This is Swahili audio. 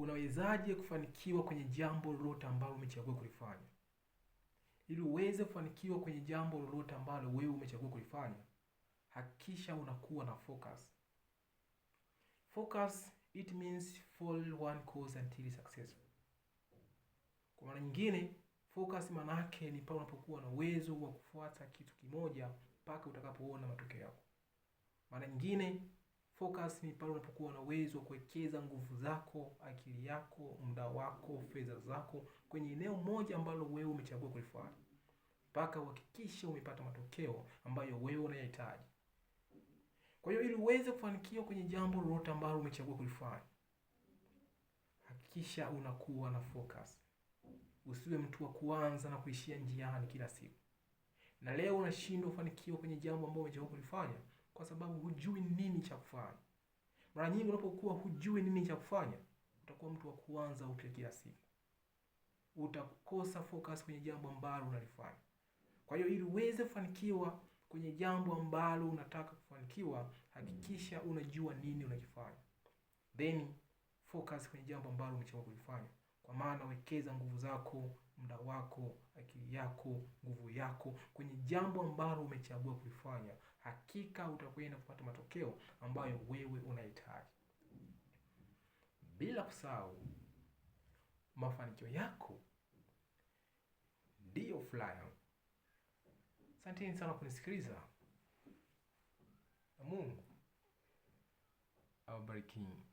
unawezaje kufanikiwa kwenye jambo lolote ambalo umechagua kulifanya. Ili uweze kufanikiwa kwenye jambo lolote ambalo wewe umechagua kulifanya, hakikisha unakuwa na focus. Focus it means follow one course until successful. Kwa maana nyingine, focus maana yake ni pale unapokuwa na uwezo wa kufuata kitu kimoja mpaka utakapoona matokeo yako. Maana nyingine Focus ni pale unapokuwa na uwezo wa kuwekeza nguvu zako, akili yako, muda wako, fedha zako kwenye eneo moja ambalo wewe umechagua kulifuata mpaka uhakikishe umepata matokeo ambayo wewe unayahitaji. Kwa hiyo, ili uweze kufanikiwa kwenye jambo lolote ambalo umechagua kulifanya, hakikisha unakuwa na focus. Usiwe mtu wa kuanza na kuishia njiani kila siku, na leo unashindwa kufanikiwa kwenye jambo ambalo umechagua kulifanya kwa sababu hujui nini cha kufanya. Mara nyingi unapokuwa hujui nini cha kufanya, utakuwa mtu wa kuanza upya kila siku, utakosa focus kwenye jambo ambalo unalifanya. Kwa hiyo ili uweze kufanikiwa kwenye jambo ambalo unataka kufanikiwa, hakikisha unajua nini unakifanya, then focus kwenye jambo ambalo umechagua kulifanya. Kwa maana wekeza nguvu zako, muda wako, akili yako, nguvu yako kwenye jambo ambalo umechagua kulifanya. Hakika utakwenda kupata matokeo ambayo wewe unahitaji. Bila kusahau mafanikio yako ndiyo furaha. Asanteni sana kunisikiliza na Mungu awabariki.